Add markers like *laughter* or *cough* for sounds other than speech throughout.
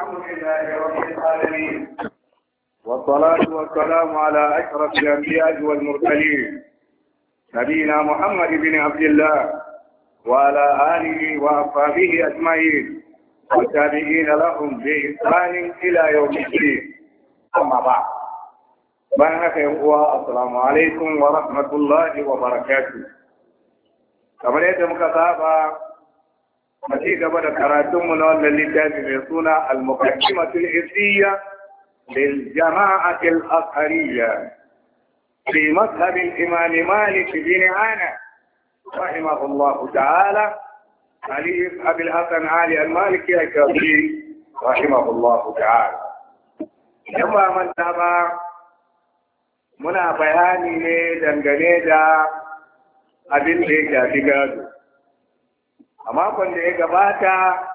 الحمد لله رب العالمين والصلاة والسلام على أشرف الأنبياء والمرسلين نبينا محمد بن عبد الله وعلى آله وأصحابه أجمعين والتابعين لهم بإحسان إلى يوم الدين أما بعد بارك الله السلام عليكم ورحمة الله وبركاته كما يتم كتابة ومشي قبل كراتم اللي تاتي من المقدمة الإثية للجماعة الأطهرية في مذهب الإمام مالك بن عانة رحمه الله تعالى علي أبي الحسن علي المالكي الكبير رحمه الله تعالى يما من تبع منا بياني ني دنگني دا ابين a makon da ya gabata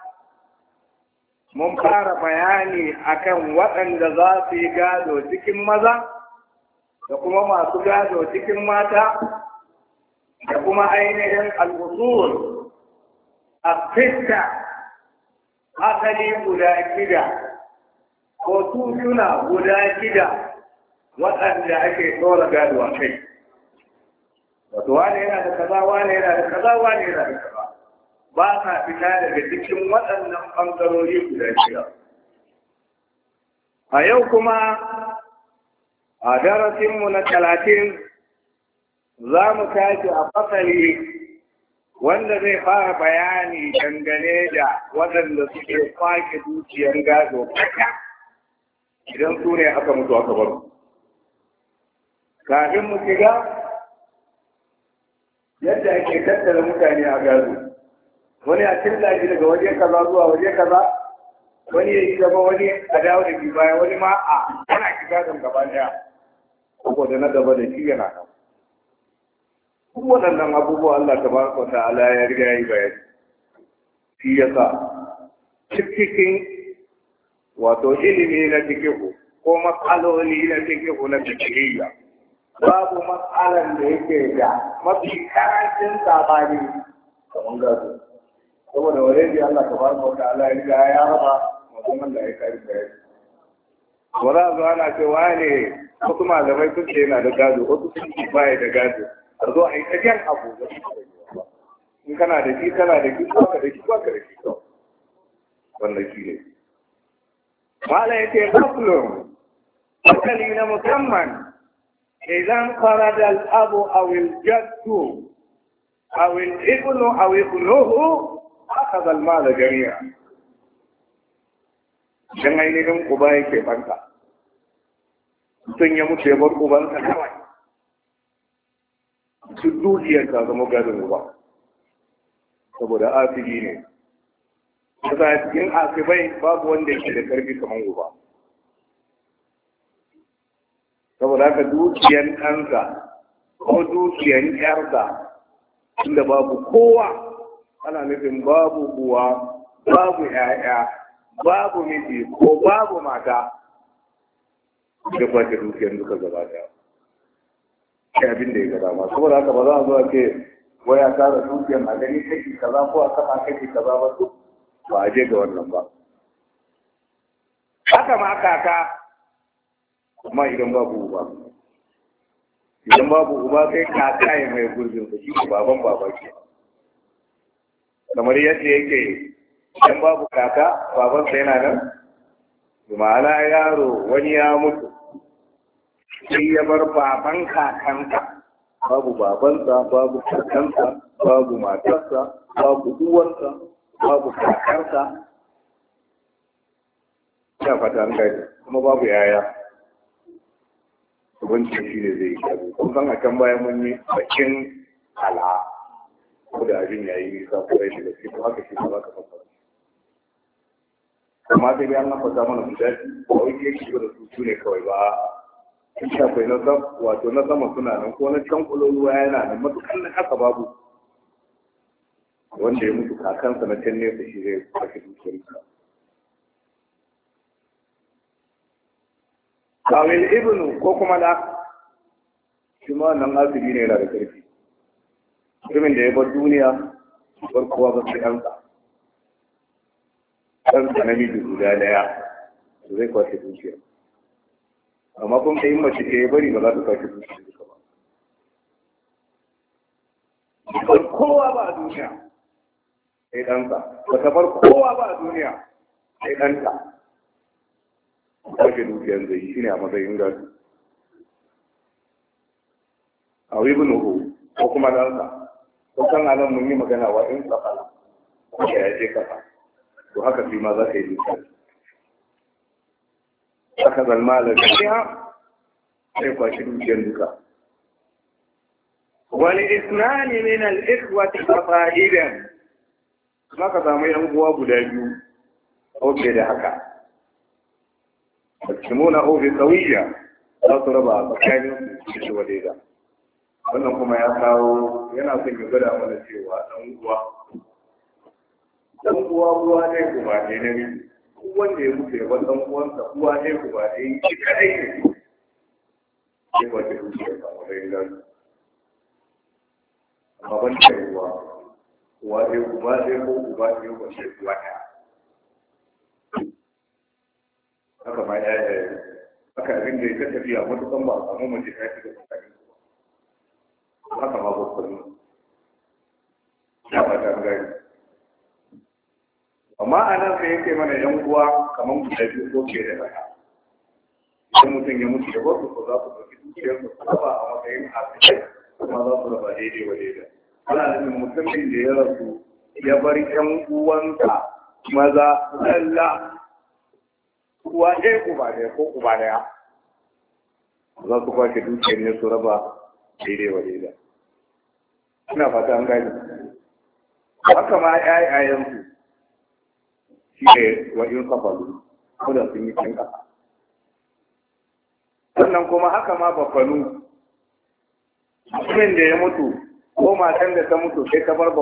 mun fara bayani akan waɗanda za su yi gado cikin maza da kuma masu gado cikin mata da kuma ainihin al'usul a fista asali guda shida ko tutuna guda shida waɗanda ake tsora gado a kai wato wane yana da kaza wane yana da kaza wane yana da kaza ba sa fita daga cikin waɗannan ɓangarori guda shida. A yau kuma a darasinmu na talatin za mu tashi a fasali wanda zai fara bayani dangane da waɗanda suke kwake dukiyar gado kaka idan su ne aka mutu aka bar kafin mu shiga yadda ake tattara mutane a gado wani a cirka shi daga waje kaza zuwa waje kaza wani ya yi gaba wani a dawo da shi baya wani ma a ana shiga don gaba daya da na gaba da shi yana nan duk waɗannan abubuwa Allah ta baka ta ala ya riga yi bayani shi sa cikin wato ilimi na ku ko matsaloli na ku na fikihiyya babu matsalan da yake da mafi karancin sabani kamar gazo saboda already Allah tabaraka wa ta'ala ya riga ya raba musamman da ya kai bayani wa za zo ana ce wane wasu malamai sun ce yana da gado wasu sun ce baya da gado a zo a yi ta jan abu da su in kana da shi kana da shi baka da shi ka da shi kawai wannan shi ne Mala ya ce kaflun, hankali na musamman, idan da al'abu a jaddu a wiljibnu a wiljibnuhu, akaza zalma da jami'a don ainihin uba yake banka mutum ya mutu ya bar ubansa kawai su dukiyar ta zama garin ruwa. saboda asibi ne a cikin asibai babu wanda yake da karfi kamar ruwa. saboda haka dukiyar kansa ko dukiyar yarda inda babu kowa ana nufin babu uwa babu ‘ya'ya babu miji ko babu mata duk ba ta dukiyar duka gaba ta shi abin da ya gada ma saboda haka ba za a zuwa ce waya tara dukiyar a gani kake kaza ko a sama kake kaza ba su ba a je ga wannan ba haka ma kaka amma idan babu uba idan babu uba kai kaka ya mai gurbin ku shi baban baba ke kamar yadda yake yan babu kaka babansa yana nan ma'ana yaro wani ya mutu sai ya bar baban kakanta babu babansa babu kakansa babu matarsa babu uwansa babu kakarsa ya fata an gaji kuma babu yaya abinci shi ne zai yi kun san a can baya mun yi bakin ala ko da abin ya yi nisa ko ya shiga cikin haka shi ba ka fassara amma sai dai an fata mana guda ba wai ke shiga da su ne kawai ba in shafai na sama wato na zama suna nan ko na can kuloluwa yana nan matukan na haka babu wanda ya mutu kakansa na can nesa shi zai kashe dukiyarsa kawil ibnu ko kuma da? shi ma nan asibi ne yana da ƙarfi. mutumin da ya bar duniya bar kowa ba su ɗansa ɗansa namiji guda ɗaya da zai kwashe dukiya amma kun ta yi mace ce ya bari ba za su kwashe dukiya duka ba bar kowa ba a duniya sai ɗansa ba ta bar kowa ba a duniya sai ɗansa kwashe dukiyan zai yi shine a matsayin gasu. a wibin ko kuma ɗansa kusan a nan mun yi magana wa in tsakala kuma ya je kafa to haka fi ma za ka yi misali aka zalma da gaskiya sai kwashi dukiyar duka wani isnani min al-ikhwati fa'idan kuma ka samu yan uwa guda biyu oke da haka Bakimuna ofe tsawiya za su raba tsakanin su shi wadai da. wannan kuma ya kawo yana son ya gwada mana cewa ɗan uwa ɗan uwa uwa ne kuma ne na biyu duk wanda ya mutu ya ɗan uwansa uwa ne kuma ne shi kaɗai ne ne ba ta dukiya ba wani gano amma ban da uwa uwa ne kuma ne ko uwa ne ko ce uwa ne haka ma ya yi haka abin da ya ta tafiya matuƙan ba a samu mace ta fi da tsakanin haka ma bakwai ya Siapa yang amma a anak saya ke mana yan uwa kamar guda biyu ko ke da rana idan mutum ya mutu da tu ko za su ɗauki dukiyar su raba a matsayin asibai kuma za su raba daidai daidai ana nufin mutumin da ya rasu ya bar yan uwansa maza lalla gua ɗaya uba ɗaya ko uba Kalau za su kwace dukiyar ne su raba daidai daidai ina fata an gani haka ma su shi ne wa in kafalu kuma sun yi can ƙasa sannan kuma haka ma bafalu mutumin da ya mutu ko matan da ta mutu sai ta bar ta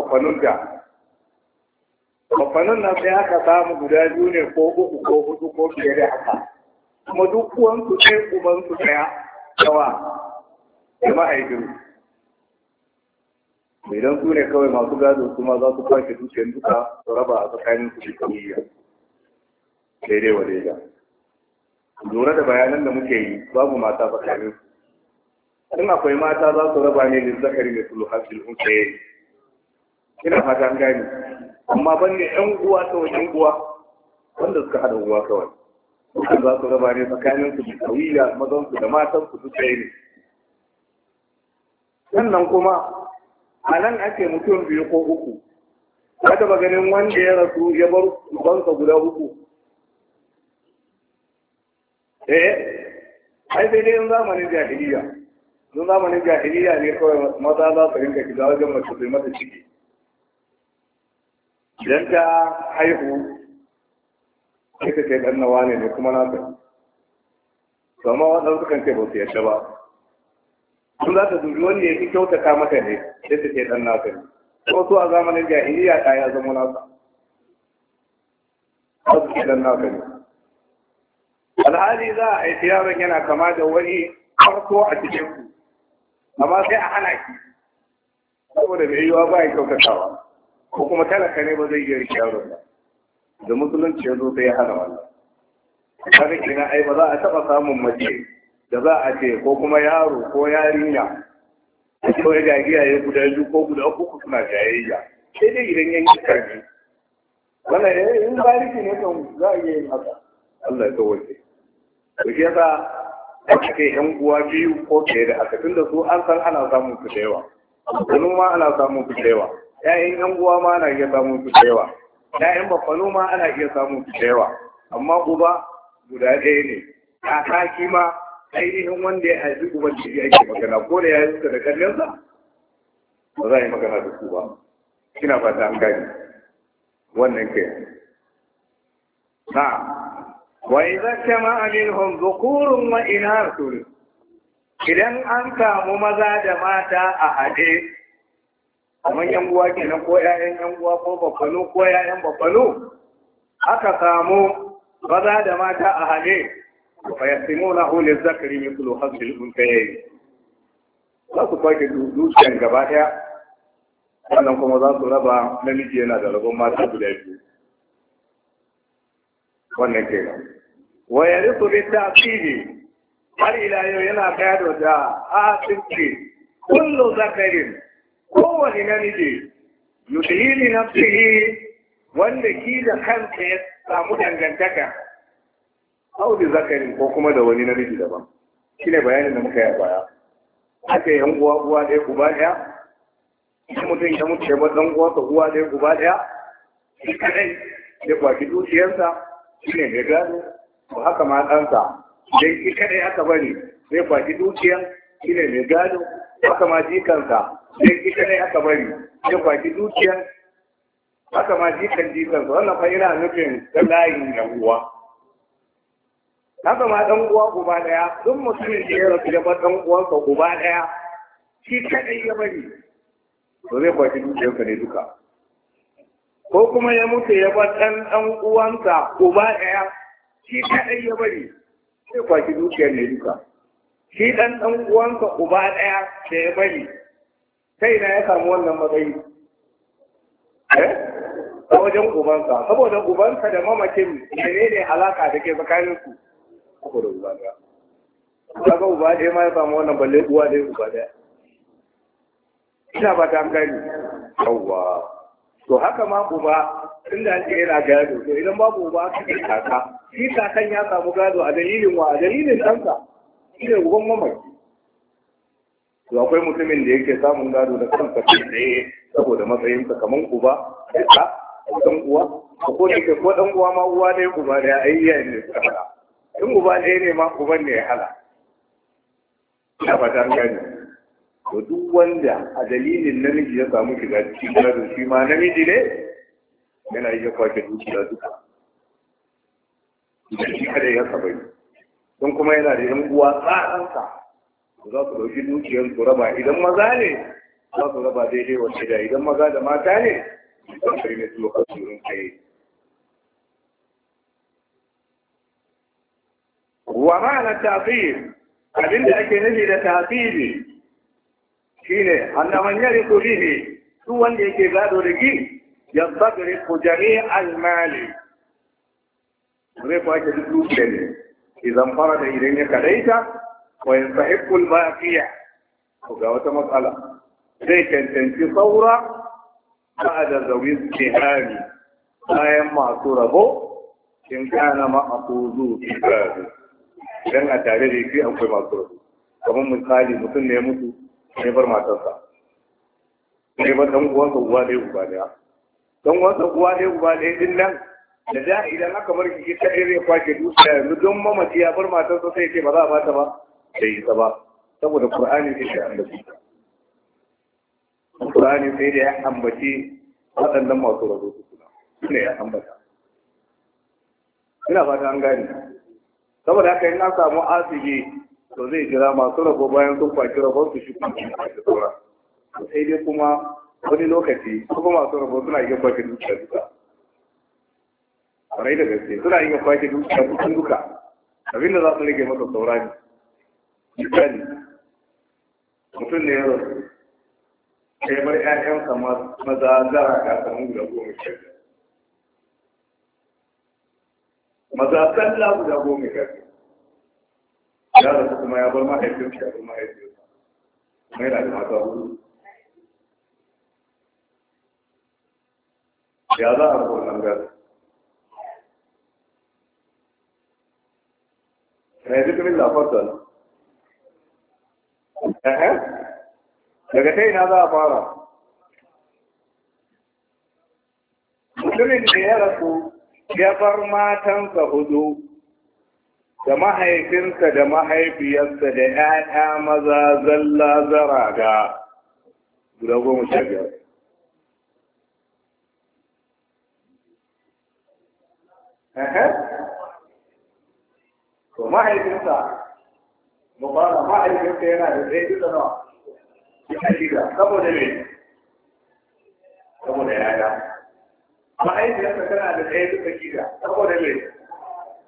bafalun nan sai haka samu guda biyu ne ko uku ko hudu ko fiye da haka kuma duk uwansu sai ubansu ɗaya yawa da mahaifinsu Mai su ne kawai masu gado kuma za su kwashe dukiyar duka su raba a tsakanin su kawiyya daidai wa daida lura da bayanan da muke yi babu mata tsakanin su in akwai mata za su raba ne da zakari mai sulu hasil unsaye ina fata an gani amma ban ne yan uwa ta wajen uwa wanda suka hada uwa kawai dukkan za su raba ne tsakanin su da kawila mazan su da matan su duk ne sannan kuma a nan ake mutum biyu ko uku kada taba ganin wanda ya rasu ya bar ubansa guda uku eh ai sai dai in zamanin jahiliya in zamanin jahiliya ne kawai maza za su rinka shiga wajen mace su mata ciki idan ta haihu sai ta ce ɗan nawa ne kuma na ta. Sama waɗansu kan ce ba su yadda ba, su za ta dubi wanda ya fi kyautata maka ne sai ta ce dan naka ne ko su a zamanin jahiliya ta ya zama nasa ko su ce dan naka ne alhali za a aiki yaron yana kama da wani farko a cikin ku amma sai a hana ki saboda mai yiwa ba ya kyautatawa ko kuma talaka ne ba zai iya rike yaron ba da musulunci ya zo sai ya hana wannan kaga kenan ai ba za a taɓa samun mace da za a ce ko kuma yaro ko yarinya a ko ya iyaye guda biyu ko guda uku suna jayayya sai dai idan yan yi karbi wannan eh in bariki ne kan za a yi yin haka Allah ya kawace to shi yasa ake kai yan uwa biyu ko ke da haka tunda su an san ana samun su da ma ana samun su da yawa uwa ma ana iya samun su da yawa ƴaƴan ma ana iya samun su amma uba guda ainihin wanda ya haifi ubangiji ake magana ko da ya yi da kallonsa ba za a yi magana da su ba kina fata an gani wannan ke na wa idza kama minhum dhukurun wa inathun idan an samu maza da mata a haɗe kamar yan uwa kenan ko ƴaƴan yan uwa ko babbalo ko ƴaƴan babbalo aka samu maza da mata a haɗe fa yasimunahu lizakari mithlu hadhihi al-unthayayn za su kwake dukiyan gaba daya sannan kuma za su raba namiji yana da rabon mata guda biyu wannan kenan wa yarithu bi ta'sili har ila yau yana gado da asirci kullu zakarin kowane namiji yudhili nafsihi wanda ki da kansa ya samu dangantaka aw bi zakarin ko kuma da wani namiji daban shine bayanin da muka yi a baya aka yi uwa uwa ɗaya ba ɗaya idan mutum ya mutu ya bar uwa uwansa uwa ɗaya ba ɗaya shi kaɗai ya kwaci dukiyarsa shine mai gado ko haka ma ɗansa idan shi kaɗai aka bari zai kwaci dukiyar shine mai gado haka ma jikansa idan shi kaɗai aka bari zai kwaci dukiyar haka ma jikan jikansa wannan fa yana nufin layin yan uwa haka ma ɗan uwa guba ɗaya duk mutumin da ya rasu da dan uwansa guba ɗaya. shi kaɗai ya bari to zai kwashi dukiyarsa ne duka ko kuma ya mutu ya bar ɗan dan uwansa guba ɗaya shi kaɗai ya bari zai kwashi dukiyar ne duka shi ɗan dan uwansa guba ɗaya da ya bari sai na ya samu wannan matsayi eh a wajen ubansa saboda ubansa da mamakin ne ne alaka da ke tsakaninsu uku da uba ɗaya kaga uba ɗaya ma ya samu wannan balle uwa ɗaya uba ɗaya ina ba ta gani yawwa to haka ma uba inda ake yana gado to idan babu uba aka ce kaka shi kakan ya samu gado a dalilin wa a dalilin ɗansa shi ne uban mamaki to akwai mutumin da yake samun gado da kansa kai tsaye saboda matsayinsa kamar uba da ɗan uwa ko da ko ɗan uwa ma uwa ɗaya uba ɗaya ayyana iyayen ne suka faɗa in uba ɗaya ne ma uban ne ya hala ina fata gani to duk wanda a dalilin namiji ya samu shiga cikin gado shi ma namiji ne yana iya kwace dukiya duka idan shi kada ya saba yi don kuma yana da yan uwa tsaransa za su ɗauki dukiyar su raba idan maza ne za su raba daidai wacce da idan maza da mata ne sun kari ne su lokacin kai wa ma'ana tafsir abinda ake nufi da tafsiri shine annaman yari ko ne. su wanda yake gado da gi ya bagare ko jami'al mali zai ake duk dukiya ne idan fara da idan ya kadaita wa yastahiqqu al-baqiya ko ga wata matsala zai cancanci saura بعد ذوي Bayan masu rabo ربو إن كان مأخوذ في بابه idan a tare da yake akwai masu rabu kamar misali mutum ne mutu ne bar matarsa ne ba dan uwansa uwa ɗaya uba ɗaya dan uwansa uwa ɗaya uba ɗaya din nan da da idan aka bar kike ta ɗaya kwake dusa mu yanzu don mamaci ya bar matarsa sai ce ba za a bata ba bai ta ba saboda qur'ani sai da annabi qur'ani sai da ya ambaci waɗannan masu rabu su ne ya ambata ina fata an gane saboda haka in an samu asibi to zai jira masu rabo bayan sun kwaki rabon su shi kuma su saura sai dai kuma wani lokaci kuma masu rabo suna yi kwaki dukiyar duka kwarai da gaske suna yi kwaki dukiyar duka abinda za su rage masa saura ne misali mutum ne ya rasu sai bar 'ya'yansa maza zara ga samun guda goma shida maza sallah guda goma sha biyu ya rasu kuma ya bar mahaifin shi ya bar mahaifin kuma yana da mata hudu ya za a rubo nan gasa na yanzu kuma lafarta daga ta ina za a fara mutumin da ya rasu ya bar matansa hudu da mahaifinsa da mahaifiyarsa da ‘ya'ya maza zalla zaraga guda goma sha biyar. mahaifinsa, mubara mahaifinsa yana da zai duka nawa, Ya shida, saboda me? Saboda ‘ya'ya. ma'aikiyarka tana da ɗaya duka gida saboda mai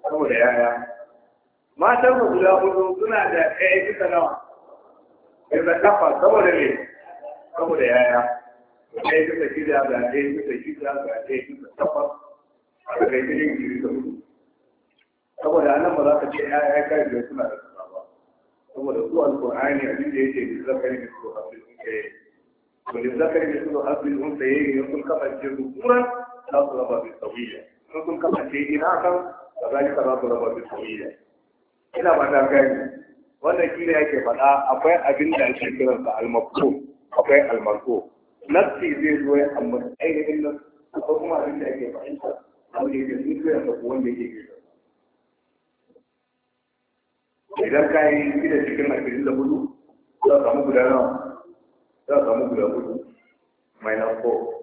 saboda yaya matan mu guda hudu suna da ɗaya duka nawa da kafa saboda mai saboda yaya ɗaya duka gida ga ɗaya duka gida ga ɗaya duka kafa a da hudu saboda nan ba za ka ce kai da suna da kafa ba saboda su alƙur'ani abin da yake da zakari da su a cikin kai wani zakari da su kai kafa za su raba da sauyiya sun sun kasance ina kan da zalika za su raba da sauyiya ina ba ta gani wannan shi yake faɗa akwai abin da ake kiransa almakko akwai almakko nafsi zai zo ya amma ainihin nan kuma sun wanda idan ka yi gida cikin ashirin da hudu za samu guda nawa za samu guda hudu na four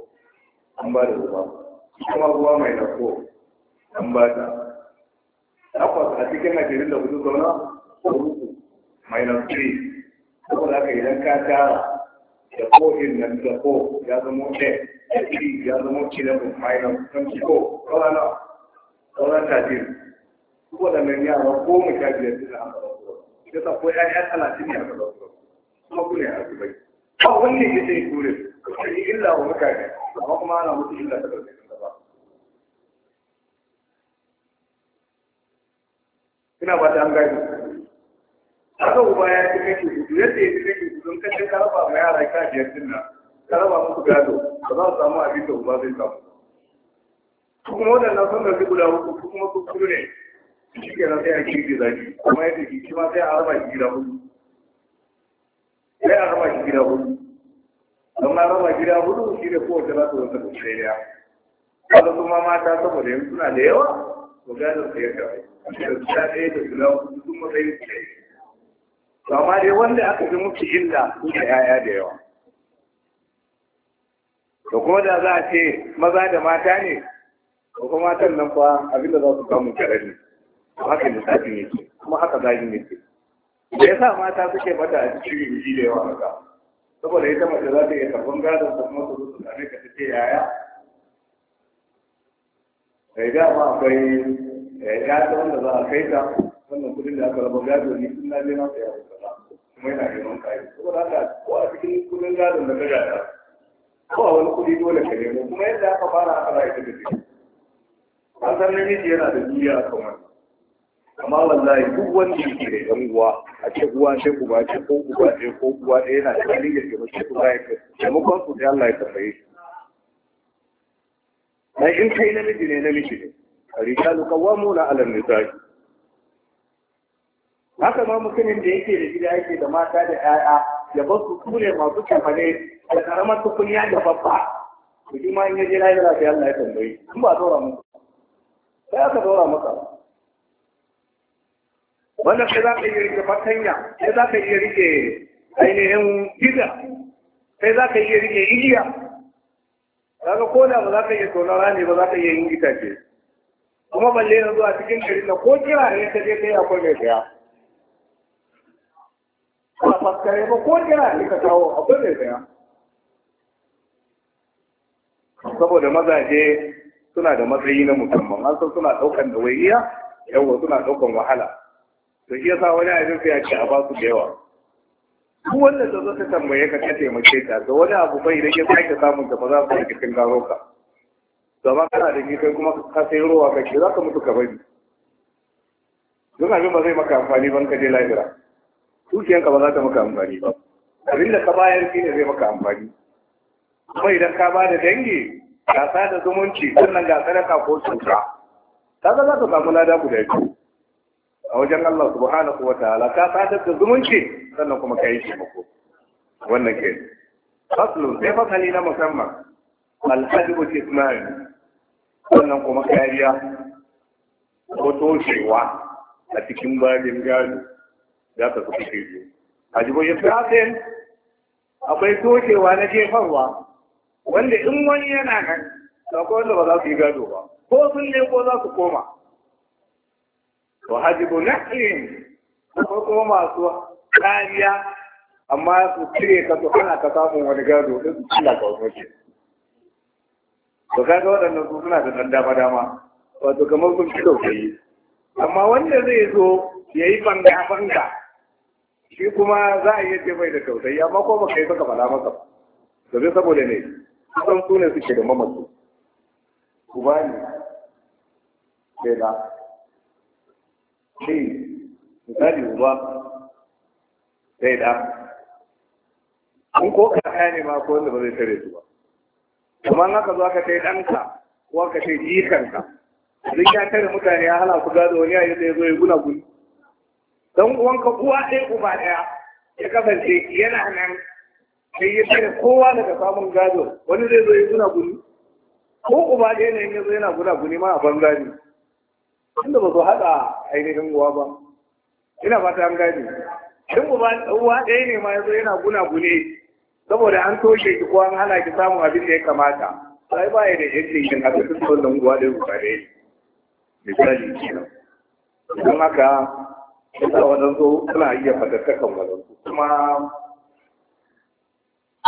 an ba da ruwa kuma ruwa mai rako dan bata. takwas a cikin ashirin da hudu zauna ko uku mai kuma da haka idan ka tara da ko in nan da ko ya zama ɗaya da iri ya zama kilabin minus twenty ko saurana sauran tajiri waɗannan yara goma ta biyar suna a ya sa ko ya talatin ya a gaba kuma ku a zubai ba wanda ya ce kure kuma illa wa mutane amma kuma ana mutu illa ta ɗauke ina ba ta an gani haka uba ya ci kake gudu yadda ya ci kake gudu in kashe ka raba ma yara ka biyar din nan ka raba musu gado ba za su samu abin da uba zai samu su kuma waɗannan sun gaji guda uku su kuma su kudu ne shi ke nan sai a kirki zaki kuma yadda shi shi ma sai a raba shi gida hudu sai a raba shi gida hudu don a raba gida hudu shi da kowace za su wata da shirya. Wanda kuma mata saboda yanzu suna da yawa maganar da ya gaba da ta ɗaya da guda hudu sun matsayin su ɗaya to amma dai wanda aka fi musu illa su da ƴaƴa da yawa to kuma da za a ce maza da mata ne ko kuma matan nan fa abinda za su samu karami to haka lissafin yake kuma haka zagin yake da sa mata suke bata a cikin yi da yawa haka saboda ita mace za ta iya karɓar gadon ta kuma su zo su same ka ta ce yaya kai eh, da ma akwai ya eh, ta wanda za a kai ta wannan kudin da aka raba gado ne sun na je masa ya rubuta kuma yana neman kayi saboda haka ko a cikin kudin gado da ka gada ko wani kudi dole ka nemo kuma yadda aka fara aka rayu da gaske an san namiji yana da duniya a kan amma wallahi duk wanda yake da yan uwa a ce uwa ce ba ce ko uba ce ko uba ɗaya yana da halin ya ce ku ba ya taimakon su sai Allah ya tambaye shi Mai in kai namiji ne namiji ne rika qawwamuna 'ala alar nisaa haka ma mutumin da yake da gida yake da mata da 'ya'ya ya ba su kure masu kamfane da karamar tukunya da babba su ji ma in ya je lahira da Allah ya tambayi in ba zaura musu sai aka dora masa Wanda sai za ka iya rike fatanya sai za ka iya rike ainihin gida sai za ka iya rike igiya daga ko da ba za ka iya tonon rani ba za ka iya yin itace kuma balle na zuwa cikin gari na ko kira ne ka je kai akwai mai saya ba faskare ba ko kira ne ka kawo akwai mai saya saboda mazaje suna da matsayi na musamman an san suna daukan da waiya yawa suna daukan wahala to shi yasa wani abin sai ya ce a ba su da yawa duk wanda ta zo tambaye ka ka taimake ta to wani abu bai da ya sake samun ta ba za ka rike kin garo ka zama kana da ni kai kuma ka sai ruwa ka ke za ka mutu ka bari don abin ba zai maka amfani ban ka je lahira dukiyanka ba za ta maka amfani ba abin da ka bayar shi ne zai maka amfani kuma idan ka bada dangi gasa da zumunci sannan ga sadaka ko cuta kaga za ka samu lada guda biyu a wajen Allah subhanahu wa ta'ala ka sadar da zumunci sannan kuma ka yi mako wannan ke faslun sai fasali na musamman alhajibu ismail sannan kuma kariya ko toshewa a cikin babin gado za ka fi kake biyu hajjibu ismail akwai toshewa na jefarwa wanda in wani yana nan da wanda ba za su yi gado ba ko sun ne ko za su koma wa hajibu naqlin ko kuma masu kariya amma su cire ka to kana ka samun wani gado din su cila ka wuce to kaga waɗannan su suna da ɗan dama dama wato kamar sun fito kai amma wanda zai zo yayi banga banga shi kuma za a iya yadda bai da tausayi amma ko baka yi saka fada masa to zai saboda ne san su ne suke da mamaki ku bani sai na shi misali uba sai da an ko kaya ne ma ko wanda ba zai tare su ba kuma haka zo aka kai ɗanka ko aka kai jikanka duk ya tare mutane ya hana ku gado wani yayin da ya zo ya guna guni dan uwanka uwa ɗaya uba ɗaya ya kasance yana nan sai ya tare kowa daga samun gado wani zai zo ya guna guni ko uba ɗaya ne ya zo yana guna guni ma a banza ne tunda ba su haɗa ainihin uwa ba ina fata an gane in uwa ɗaya ne ma zo yana guna gune saboda an toshe ki ko an hana ki samun abin da ya kamata sai ba ya da yancin yin haka tun wannan uwa ɗaya guda ɗaya misali kenan don haka yasa waɗansu suna iya fatattakan waɗansu kuma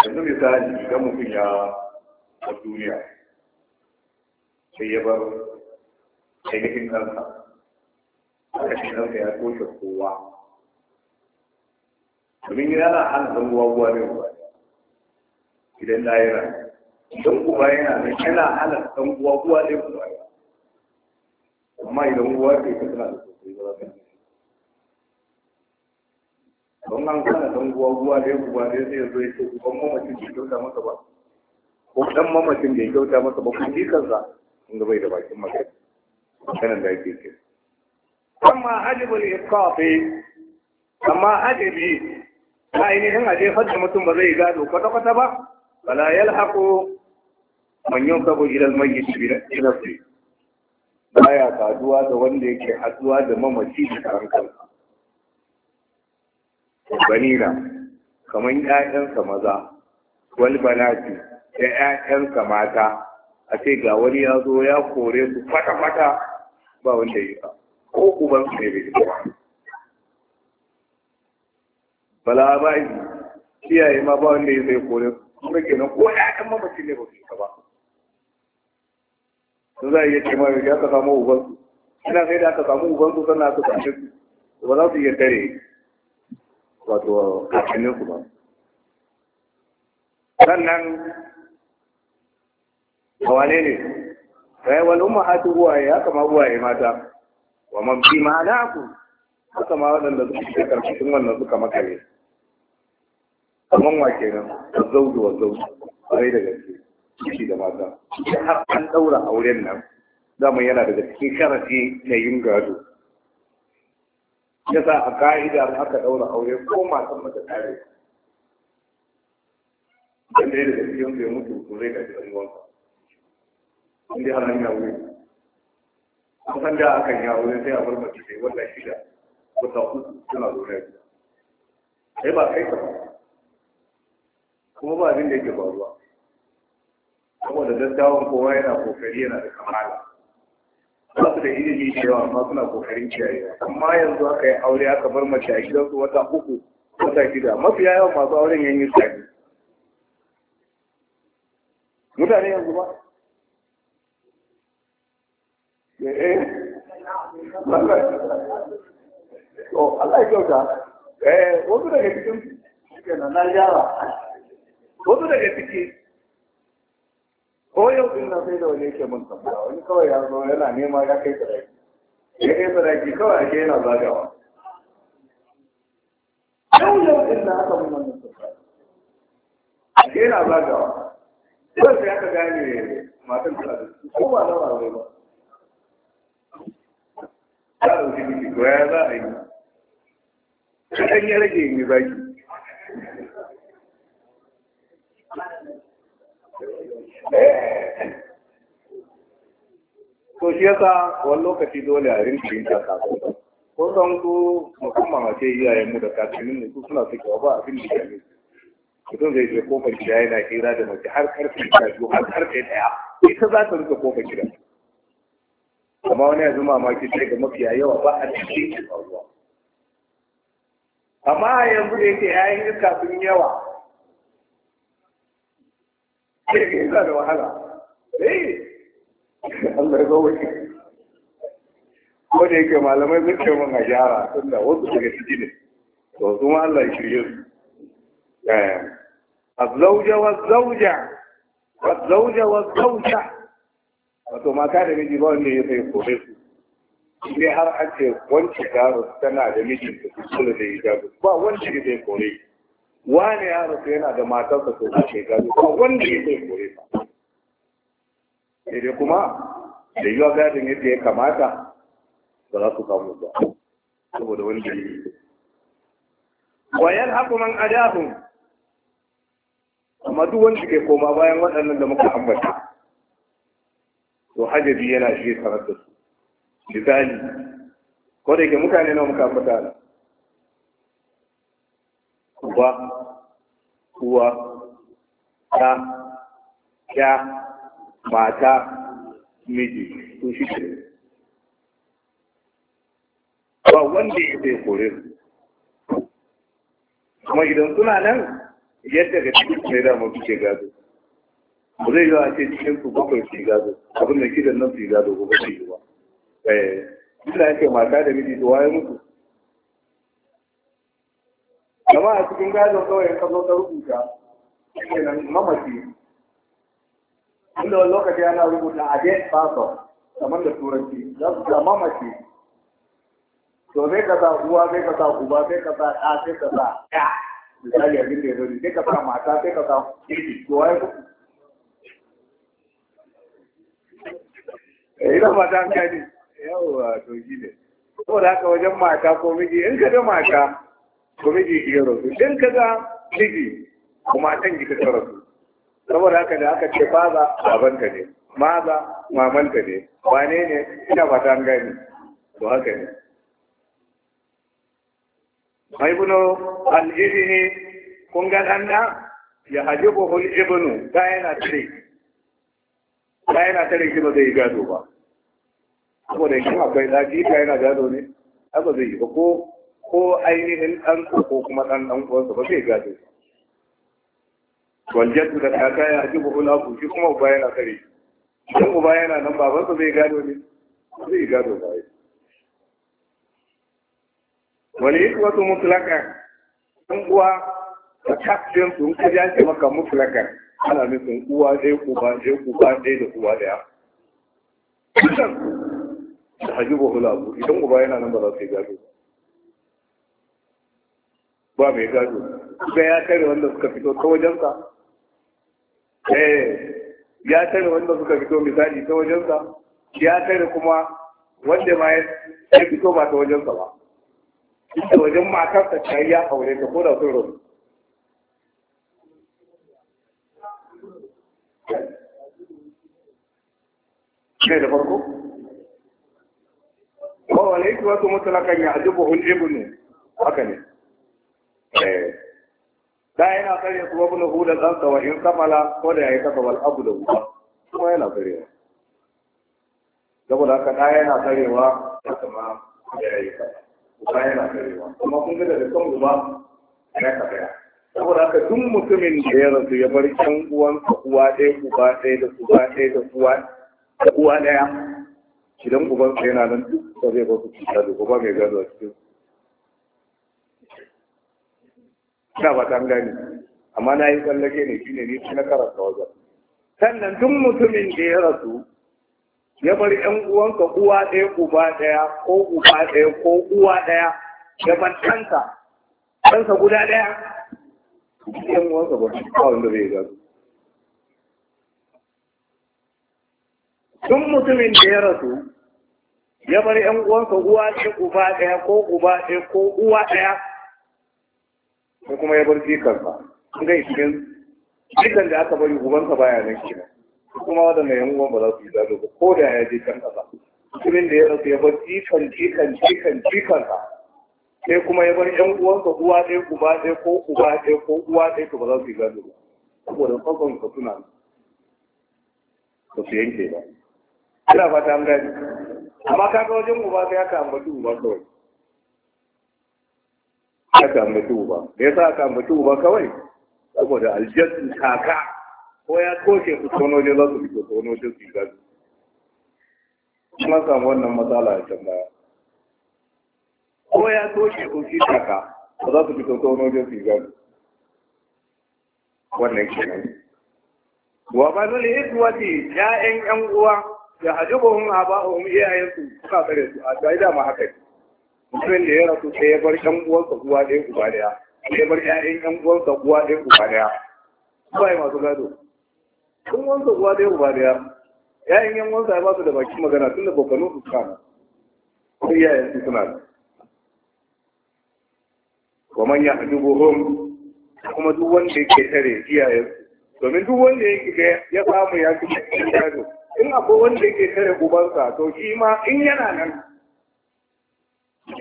yanzu misali idan mutum ya duniya sai ya bar ainihin kansa haka shi kansa ya toshe kowa domin yana hana zan ruwa ruwa ne ruwa idan na yi rana idan kuma yana nan yana hana zan ruwa ruwa ne ruwa amma idan ruwa ke ta tana da sosai ba za don an kana zan ruwa ruwa ne ruwa ne sai ya zo ya ce uban mamacin bai kyauta masa ba ko dan mamacin bai kyauta masa ba ko jikansa in ga bai da bakin magana maganar da ake ke amma ajibul iqafi amma ajibi na ainihin aje fadda mutum ba zai gado kwata-kwata ba bala yalhaqu man yunkabu ila al-mayyit bi nafsi baya saduwa da wanda yake haduwa da mamaci da karan kansa banina kamar ƴaƴansa maza wal banati da ƴaƴansa mata a ce ga wani ya zo ya kore su kwata-kwata ba wanda ya yi ba ko uban su ne bai ba bala ba yi iyaye ma ba wanda ya zai kore kuma kenan ko ya ɗaɗan mamaci ne ba su yi ba sun za a iya ce ma ya ka samu uban su ina sai da aka samu uban su sannan aka samu su ba za su iya dare wato kakannin su ba sannan a wane ne kai eh, wal ummahatu uwaye haka ma uwaye mata wa mafi mana ku? haka ma waɗanda suka fi karkashin wannan suka makale kaman wa kenan zaudu wa zaudu sai da gaske shi da mata har an daura auren nan mu yana daga cikin sharafi na yin gado yasa a ka'ida aka daura aure ko matan mata tare dan da daga cikin bai mutu ko zai ga ɗan uwansa wanda ya an yawo an san da akan yawo sai a bar mace sai wata da wata uku suna zaune sai ba kai ba kuma ba abin da yake faruwa saboda dattawan kowa yana kokari yana da kamala ba su da ilimi da yawa amma suna kokarin kiyaye amma yanzu aka yi aure aka bar mace a gidansu wata uku wata shida mafiya yawan masu auren yanyin sa mutane yanzu ba onye to Allah ya eh daga na yara daga ciki ko yau na sai da wani kawai ya zo yana nema ya kai ya kai tsaraki kawai ake yana zagawa yau yau na aka mun wannan ake yana zagawa ya ka matan tana ko ta ɗauki ciki to ya za a yi kaɗan ya rage ba ki. to shi yasa wani lokaci dole a rinka yin ta ko san ku musamman a ce iyayen mu da kakannin mu su suna suke ba abin da ya mutum zai je kofar gida yana hira da mace har karfe ta biyu har karfe daya ita za ta rufe kofar gida amma wani yanzu mamaki sai ga mafiya yawa ba a cikin ke faruwa amma yanzu da yake yayin iska sun yawa sai ga yana da wahala eh Allah ya zo ko da yake malamai sun ce mun a gyara tunda wasu daga ciki ne to su ma Allah ya shirye su eh wa والزوجة wa والزوجة wato mata da miji ba wanda ya sai kore su sai har an ce wancan yaro tana da miji da su kula da gaba ba wanda ya sai kore wane yaro sai yana da matarsa to su ke gado ba wanda ya sai kore ba sai dai kuma da yiwa gadin yadda ya kamata ba za su samu ba saboda wani dalili wayan haku man adahum amma duk wanda ke koma bayan waɗannan da muka ambata to hajabi yana shekarar da su misali ko da ke mutane na muka fata uba uwa ta ya mata miji to shi ne ba wanda ya zai kore su kuma idan suna nan yadda ga cikin ne damar mafi ke gado ba zai yi a ce cikin su bakwai su gado abin da kidan nan su gado gobe su yi ba eh ina yake mata da miji to waye mutu amma a cikin gado kawai ka zo ka rubuta kenan mamaci inda wani lokaci ana rubuta a dead person kamar da turanci za su ga mamaci to zai ka sa uwa zai ka sa uba zai ka sa ɗa sai ka sa ɗa misali abin da ya zo sai ka sa mata sai ka sa kirki to waye mutu Eh, ina mata an kaji? yawa to shi ne saboda haka wajen mata ko miji in ka ga mata ko miji ya rasu in ka ga miji ko matan ki ta rasu saboda haka da aka ce baza babanta ne maza mamanta ne wane ne ina mata an gani to haka ne Maibuno al ne, kun ga dan ya hajibu hul ibnu da yana tare da yana tare shi ba zai gado ba saboda shi akwai zafi ka yana gado ne ba zai yi ba ko ko ainihin ɗan ko kuma ɗan ɗan uwansa ba zai gado waljatu da kaka ya ji buhul abu shi kuma uba yana kare idan uba yana nan babansa zai gado ne zai gado ba yi wani ikwatu mutlaka ɗan uwa da kafin sun kaji ake maka mutlaka ana nufin uwa ɗaya uba ɗaya uba ɗaya da uwa ɗaya da hula abu idan uba yana nan ba za su yi gado ba mai gado ga ya tare wanda suka fito ta wajensa eh ya tare wanda suka fito misali ta wajensa ya tare kuma wanda ma ya fito ba ta wajensa ba ita wajen matarsa ta yi ya aure ta ko da sun rasu ne da farko ko wale ki wasu mutlakan ya ajibu hul ibnu haka ne eh da yana kare su ibnu hu da dan wa in kamala ko da ya yi kafa wal abu da uba kuma yana kare saboda haka da yana karewa kuma da yayi kafa uba yana karewa kuma kun ga da kan uba ya kafa saboda haka duk mutumin da ya rasu ya bar ƴan uwansa uwa ɗaya uba ɗaya da uba ɗaya da uwa ɗaya idan uban sa yana nan duk ba zai ba su cuta da uba mai gado a cikin ina ba ta gani amma na yi tsallake ne shi ne ni na karanta wajen sannan duk mutumin da ya rasu ya bar yan uwanka uwa ɗaya uba ɗaya ko uba ɗaya ko uwa ɗaya ya bar kansa kansa guda ɗaya yan uwanka ba shi kawo da zai gado duk mutumin da ya rasu ya bar ‘yan uwansa uwa ɗaya uba ɗaya ko uba ɗaya ko uwa ɗaya ko kuma ya bar jikarsa sun ga ishirin jikan da aka bari ubansa baya nan kenan kuma waɗanda ‘yan uwan ba za su yi zaɗo ba ko da ya je kan ƙasa mutumin da ya rasu ya bar jikan jikan jikan jikarsa sai kuma ya bar ‘yan uwansa uwa ɗaya uba ɗaya ko uba ɗaya ko uwa ɗaya to ba za su yi zaɗo ba saboda tsakon suna ba su yanke ba ina fata an gani amma ga wajen uba sai aka ambaci uba kawai aka ambaci uba da yasa aka ambaci uba kawai saboda aljazin kaka ko ya toshe su tonoje za su fito tonoje su gaji kuma samu wannan matsala a can baya ko ya toshe su shi kaka ba za su fito tonoje su gaji wannan kenan wa bazul ikwati ya'yan yan uwa ya ajubuhum aba'uhum iyayensu suka tsare su a tsaye da ma haka mutumin da ya rasu sai ya bar ɗan uwansa uwa ɗaya uba ɗaya sai ya bar ƴaƴan ɗan uwansa uwa ɗaya uba ɗaya ba masu gado ɗaya ɗaya ƴaƴan ƴan ya ba su da baki magana tun da bokanu su suka na ko iyayen suna da wa kuma duk wanda tare domin duk ya samu in akwai wanda yake kare ubansa to shi ma in yana nan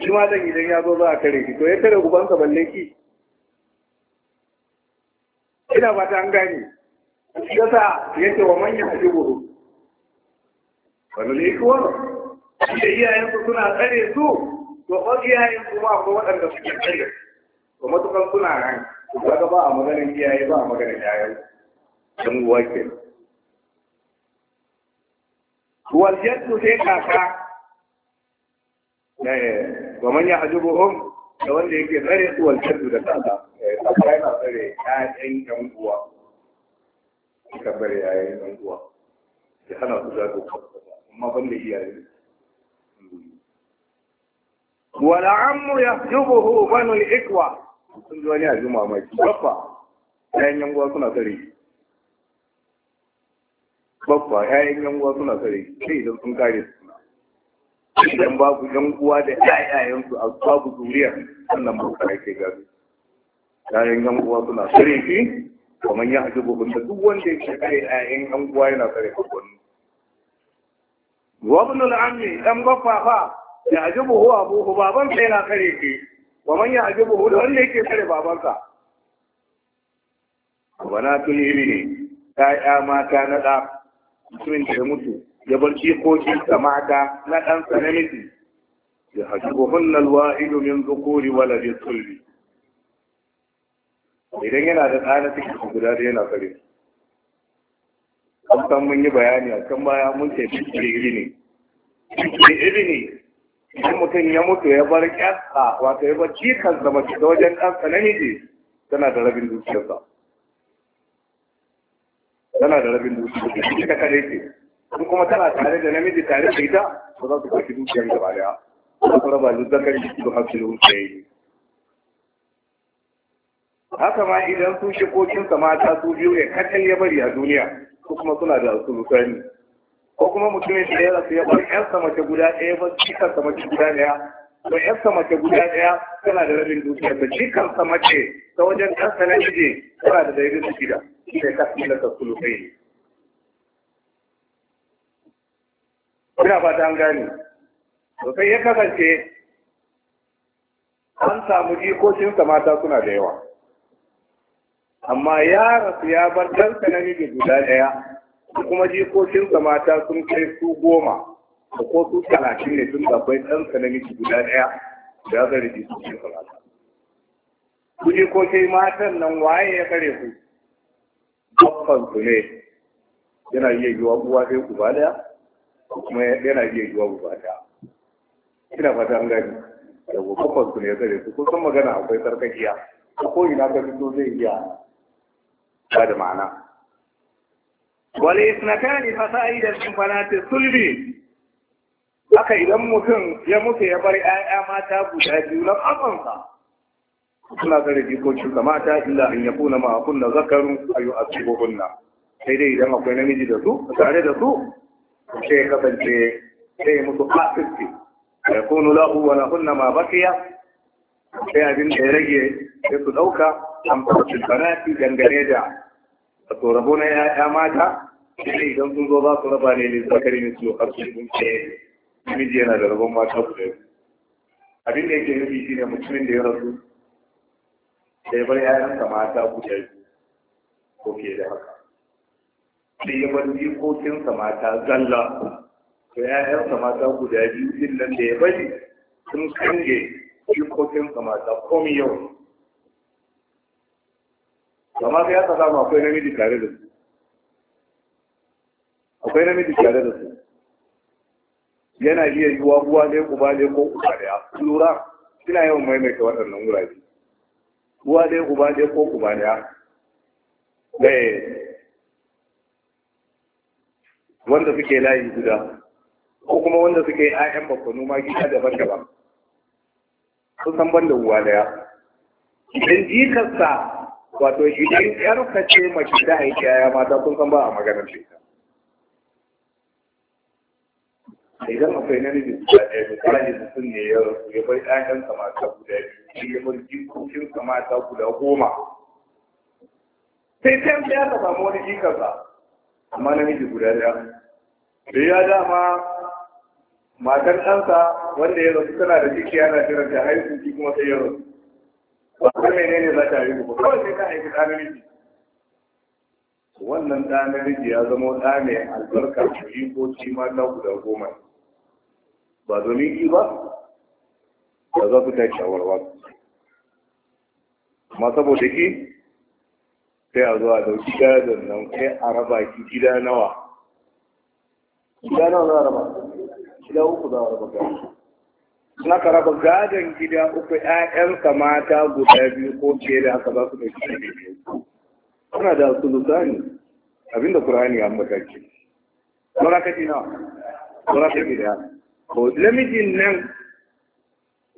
shi ma dan idan ya zo za a kare shi to ya kare ubansa balle ki ina ba ta an gane ya ce wa manyan ajiburu wani ne kuwa da iyayensu suna tsare su to wasu iyayensu ma akwai waɗanda suke tsare to matukan suna ran to kaga ba a maganin iyaye ba a maganin yayan dan wal jaddu sai kaka eh, wa man yahjubuhum da wanda yake tsare su wal jaddu da kaka eh, kaka yana tsare ƴaƴan ƴan uwa ka bare ƴaƴan ƴan uwa ya hana su da amma ban da iyaye wala amru yahjubuhu banul ikwa sun ji wani a juma mai kafa ƴaƴan yan uwa suna tsare bakwa ƴaƴan yan uwa suna sare sai idan sun kare su. idan babu yan uwa da ƴaƴayen su a babu zuriya wannan ba ka yake gabe ƴaƴan yan uwa suna sare shi, kamar ya aje gobin da duk wanda ya yake kare ƴaƴan yan uwa yana sare ka gwani wabnul ammi dan bakwa fa ya aje bu huwa bu hu baban sai na kare ki kamar ya aje bu da wanda yake kare babansa wana tuni ne, ta ya mata na da mutumin da ya mutu ya bar jikokinsa mata na ɗansa namiji ya haƙi buhunnan wa'idu min zukuri wala bi sulbi idan yana da ɗana cikin guda da yana fare an san mun yi bayani a kan baya mun ce fikiri iri ne fikiri iri ne idan mutum ya mutu ya bar ƙyasa wata ya bar da mace ta wajen ɗansa namiji tana da rabin zuciyarsa. tana da rabin dukiya ita kada ce, in kuma tana tare da namiji tare da ita ba za su kwashi dukiyar gaba daya za su raba da zakar jiki da wuce hasilin sai haka ma idan su shikokinsa mata su biyu ne kacal ya bari a duniya ko kuma suna da sulutani ko kuma mutumin da ya rasu ya bar yarsa mace guda ɗaya ba cikarsa mace guda ɗaya to yarsa mace guda ɗaya tana da rabin dukiyarsa cikarsa mace ta wajen ɗansa na ije tana da daidai su gida shi ne tasmila ta sulukai ina fata an to sai ya kasance an samu jikokinsa mata suna da yawa amma ya rasu ya bar ɗansa namiji guda ɗaya kuma jikokinsa mata sun kai su goma da ko su talatin ne sun akwai ɗansa namiji guda ɗaya da ya zara jikokinsa mata su jikokin matan nan waye ya kare ku babban su ne yana iya yiwa uwa sai uba daya kuma yana iya yiwa uba daya ina fata an gani yawa babban su ne ya tsare su kusan magana akwai sarkakiya ko ina ka fito zai iya ba da ma'ana wale isnatani fasa'idar sun fanata sulbi haka idan mutum ya mutu ya bar 'ya'ya mata guda biyu na kafansa suna tsare da mata illa an na ma kunna zakaru ayu asibuhunna sai dai idan akwai namiji da su tare da su sai ya kasance sai musu asibi ya kunu lahu wa kunna ma bakiya sai abin da ya rage sai su dauka an fasu banati dangane da A rabo na ya mata sai idan sun zo za su raba ne ne zakari ne su har su sun ce namiji yana da rabon mata guda abin da yake nufi ne mutumin da ya rasu da ya bar ‘ya'yansa mata guda ko ke da haka sai ya bar jikokinsa mata zalla to ‘ya'yansa mata guda biyu din nan da ya bari sun kange jikokinsa mata komi yau kama sai aka samu akwai namiji tare da su akwai namiji tare da su yana iya yiwa uwa ne uba ne ko uba ne a lura suna yawan maimaita waɗannan wurare Kuwa dai, uba dai, ko uba ɗaya ɗaya eh. wanda suke layi guda ko kuma wanda suke ƴaƴan bakwano ma gida daban-daban su san banda da uwa ɗaya idan jikarsa wato idan yarka ce mace da haifi ƴaƴa mata kun san ba a maganar shi idan akwai namiji guda ɗaya misali mutum ne ya rasu ya bar ɗayansa mata guda biyu ya bar jikokinsa mata guda goma sai can ya ta samu wani jikarsa amma namiji guda ɗaya da ya dama matar ɗansa wanda ya rasu tana da ciki yana jiran ta haihu shi kuma sai ya rasu ba ta menene za ta haihu ba kawai sai ta haifi ɗan namiji wannan ɗan namiji ya zama ɗa mai albarka ko jikoki na guda goma ne ba domin ki ba ba za su tashi shawar ba ma saboda ki sai a zuwa dauki gadon nan kai a raba ki gida nawa gida nawa za a raba gida uku za a raba gadon suna ka raba gadon gida uku ƴaƴanka mata guda biyu ko ke da haka za su dauki gida suna da sulusani abinda kurani ya mataki. ke. Mura kaji nawa? Mura kaji da ko namijin nan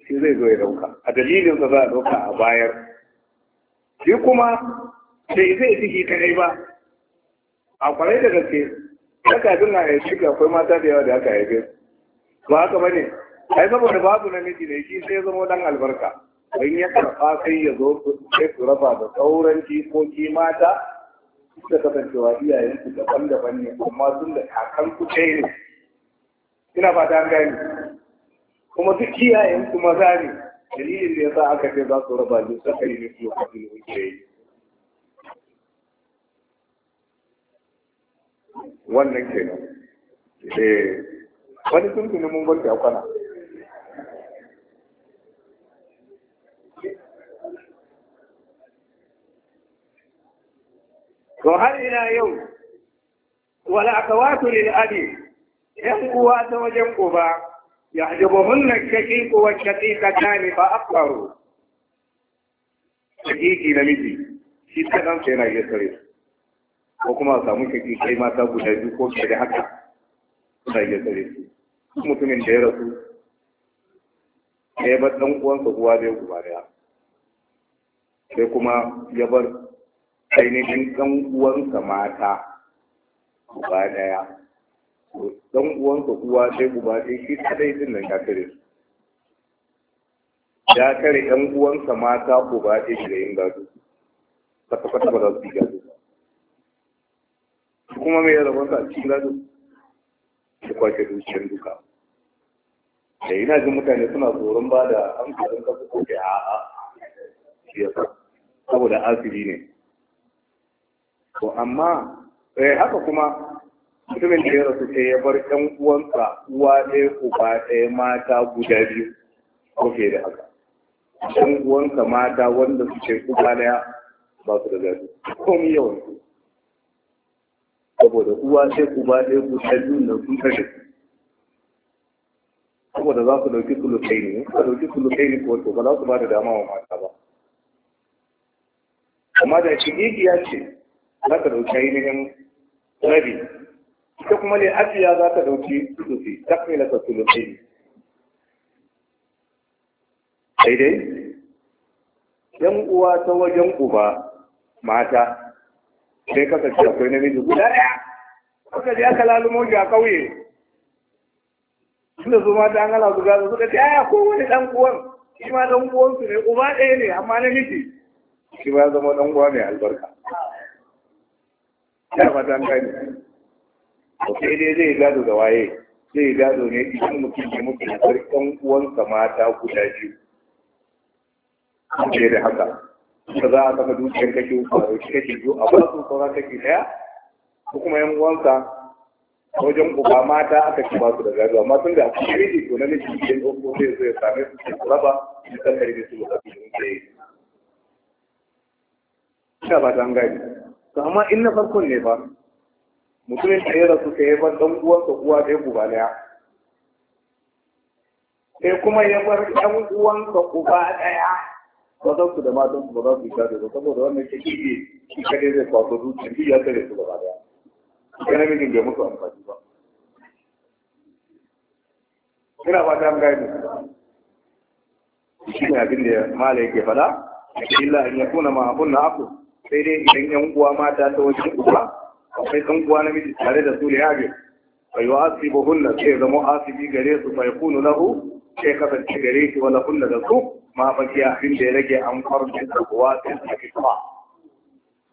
shi zai zo ya dauka a dalilin za a dauka a bayar shi kuma sai zai ciki kadai ba a kwarai da gaske ta kafin na ya shiga akwai mata da yawa da aka haife ba haka bane ai saboda babu namiji ne shi sai zama dan albarka in ya karfa sai ya zo sai su raba da sauran jikoki mata suka kasancewa iyayen su daban-daban ne amma sun da kakan su ne ina ba ta gani kuma duk kiyayen su maza ne dalilin da ya sa aka ce za su raba ne kai ne su kafin wuce yi wannan kenan eh wani tuntunin mun bar ya kwana to har ina yau wala akawatu lil adi yan uwa ta wajen uba ya ajibu hunna shaƙiƙu wa shaƙiƙa tani ba akwaru shaƙiƙi na miji shi ta kansa yana iya sare ko kuma a samu shaƙiƙai mata guda biyu ko fiye da haka suna iya sare su mutumin da ya rasu ya bar ɗan uwansa uwa da ya guba daya sai kuma ya bar ainihin ɗan uwansa mata guba daya dan uwanka uwa sai uba sai shi kadai din nan ya kare su ya kare ɗan uwansa mata uba sai shi da yin gado kwata kwata ba za su gado kuma mai rabon sa a cikin gado shi kwace dukiyar duka da ina jin mutane suna tsoron ba da amsa don kasu ko a a'a shi saboda asiri ne to amma eh, haka kuma mutumin da ya rasu sai ya bar ɗan uwansa uwa ɗaya uba ɗaya mata guda biyu ko fiye da haka ɗan uwansa mata wanda suke uba ɗaya ba su da gado komi yawan su saboda uwa ɗaya uba ɗaya guda biyu na sun kashe saboda za su ɗauki sulukai ne suka ɗauki sulukai ne ko ba za su ba da dama wa mata ba amma da shi ya ce za ka ɗauki ainihin rabi ita kuma ne ajiya za ta dauki sulusi takmila ta sulusi daidai yan uwa ta wajen uba mata sai ce akwai namiji guda ɗaya kuka je aka lalumo shi a ƙauye suna zo mata an gana zuga su suka ce aya ko wani ɗan uwan shi ma ɗan uwan su ne uba ɗaya ne amma na miji shi ma zama ɗan uwa mai albarka ya fata an gane to sai dai zai gado da waye zai gado ne idan mutum ya mutu da ɗan uwansa mata guda biyu kuma da haka ba za a saka dukiyar kake uku a ɗauki kake biyu a ba su sauran kake ɗaya ko kuma yan uwansa wajen uba mata aka ci basu da gado amma tun da a cikin rigi to na miji idan ɗauko zai zo ya same su su raba su san karfi su ba su yi ina ba ta an gani to amma in na farkon ne ba mutumin da ya rasu sai ya bar dan uwansa uwa ɗaya uba ɗaya sai kuma ya bar ɗan uwansa uba ɗaya ba za su da matan su ba za su gado ba saboda wannan ke kike shi kadai zai kwaso zuciya duk ya kare su gaba ɗaya ita namijin bai musu amfani ba ina ba ta gani shi ne abin da mala yake fada illa in yakuna ma abun na aku sai dai idan yan uwa mata ta wajen uwa akwai kuwa uwa namiji tare da su da yabin fa yi wa asibu hunna sai zama asibi gare su fa yakunu lahu sai kasance gare shi wala hunna da su ma baki abin da ya rage an farce da kuwa sai su fi kuma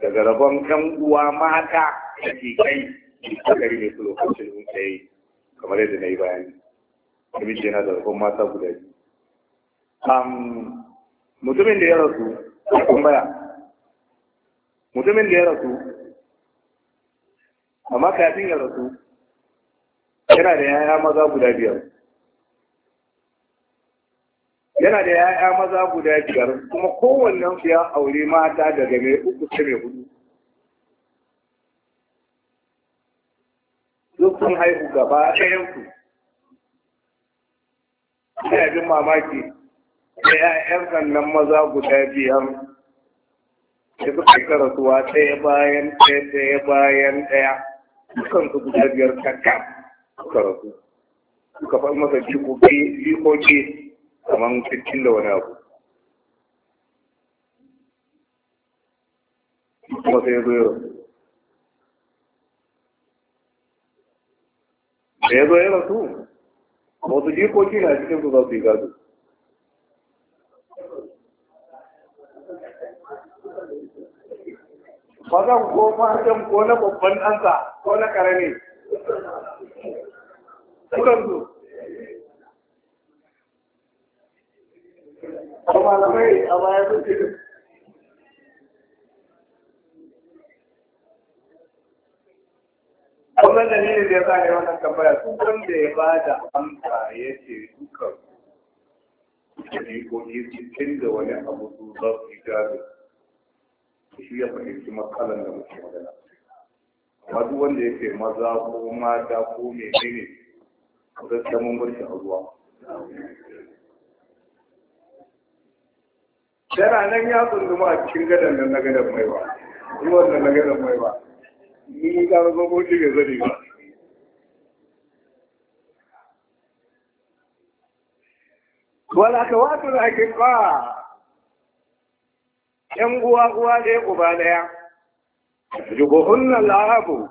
daga rabon kan uwa mata da ke kai a gari ne su lokacin mun kai kamar yadda na yi bayani namiji yana da rabon mata guda biyu mutumin da ya rasu a tambaya mutumin da ya rasu amma kafin ya rasu yana da yaya maza guda biyar yana da yaya maza guda biyar kuma kowannen su ya aure mata daga mai uku ce mai hudu duk sun haihu gaba ɗayan su ina jin mamaki da ya'yan sannan maza guda biyar da suka karatuwa ɗaya bayan ɗaya ɗaya bayan ɗaya dukan su guda biyar kakka suka rasu suka fa masa jikoki jikoki kamar fitin da wani abu kuma sai zo yau da ya zo ya rasu wasu jikoki na cikin su za su yi gado mazan ko matan ko na babban ɗansa ko na ƙarami sukan zo Ba malamai a baya sun ce wannan dalilin da ya sa ne wannan tambaya sun kan da ya ba da amsa ya ce dukkan ne ko ne cikin da wani abu su za su yi gado shi ya fahimci matsalar da muke magana amma duk wanda yake maza ko mata ko ne gaskiya mun bar shi a ruwa yana nan ya tsunduma a cikin gadon nan na gadon mai ba ruwan nan na gadon mai ba ni ta zama ko shi ga zari ba wala ka wato da ake kwa ‘yan uwa uwa ɗaya uba ɗaya, jubuhun na lahabu,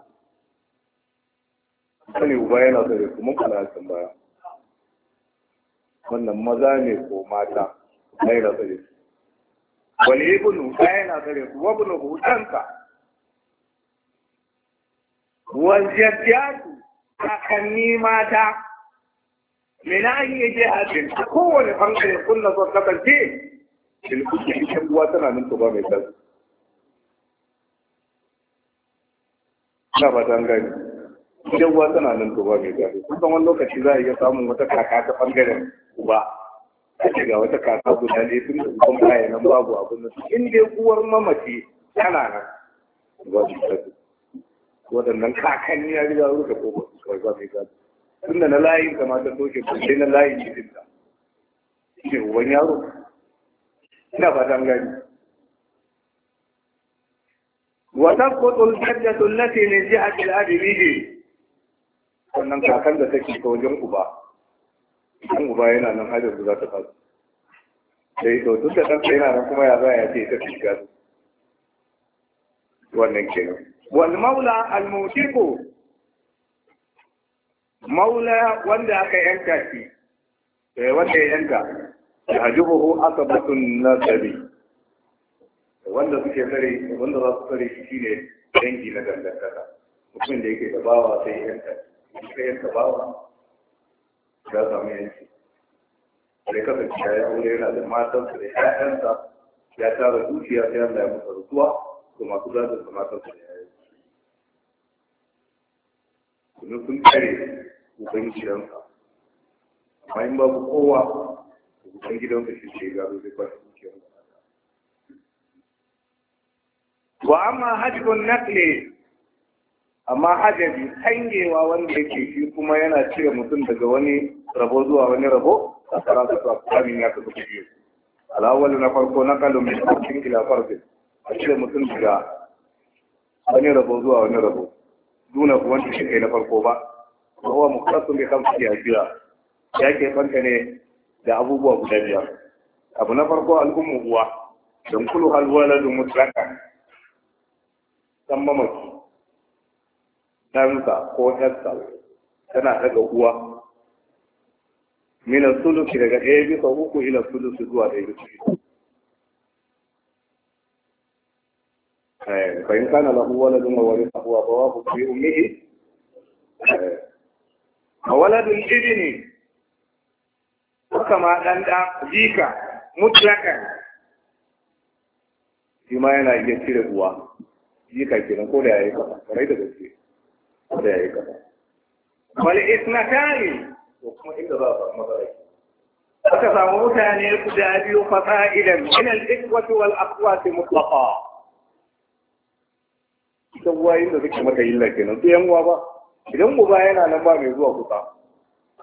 sani uba yana da kuma kalasin baya. Wannan maza ne ko mata, ɗaya da tsare. Wani ibinu ɗaya yana tsare su, wabinu hutanka. Wajajjatu, kakanni mata, mina yi je a kowane ɓangare kulla zuwa kasance in kuke ita uwa tana nan ba mai tsari na ba ta gani ita uwa tana nan ba mai tsari kusan wani lokaci za a iya samun wata kaka ta bangaren uba ake ga wata kaka guda ne tun da uban baya nan babu abin nan in dai uwar mamaci tana nan ba su tsari waɗannan kakanni ya riga ruka ba su kawai ba mai tsari tun da na layin ta doke ba sai na layin jikinta shi wani yaro ina ba gari. gani wa tasqutu al-jaddatu allati min jihati al-abi wannan kakan da take ta wajen uba idan uba yana nan hajar da za ta fasu sai to duk da ɗansa yana nan kuma ya za ya ce ta shiga wannan ke nan. wal maula al mutiku maula wanda aka yanka shi eh, wanda ya yanka ya hajjubuhu asabatun nasabi wanda suke tsare wanda za su tsare shi ne dangi na dangantaka mutum da yake da bawa sai yanka sai yanka bawa ya samu yanki sai kasance ya yi aure yana da matan su da ƴaƴansa ya tara zuciya, sai Allah ya masa rutuwa ko masu gadon da su da ƴaƴansa kuma sun tsare ubangijinsa amma in babu kowa dan gidan ka shi ce gado zai kwashe dukiyar wa amma hajjun naqli amma hajjabi hangewa wanda yake shi kuma yana cire mutum daga wani rabo zuwa wani rabo a karatu a kamin ya kasu biyu alawal na farko na kalon mai cikin ila farfin a cire mutum daga wani rabo zuwa wani rabo duna ku wanda shi kai na farko ba kowa mukasun bai kan fiye a jira ya ke fanta ne da abubuwa guda biyar abu na farko al'ummu uwa don kulu halwala da mutlaka san mamaki ɗansa ko ƴarsa tana daga uwa min sulusi daga ɗaya bisa uku ila su zuwa ɗaya bisa uku فإن كان له ولد وورثه أبواه بأمه فولد الابن haka ma ɗan ɗa jika mutlakan shi ma yana iya cire uwa jika kenan ko da yayi kafa kare da gaske ko da yayi kafa wal isnatani ko kuma inda za a samu matsala aka samu mutane guda biyu fasa'idan min al-ikwati wal aqwati mutlaqa ita uwa inda suke mata illa kenan sai yan uwa ba idan uba yana nan ba mai zuwa kusa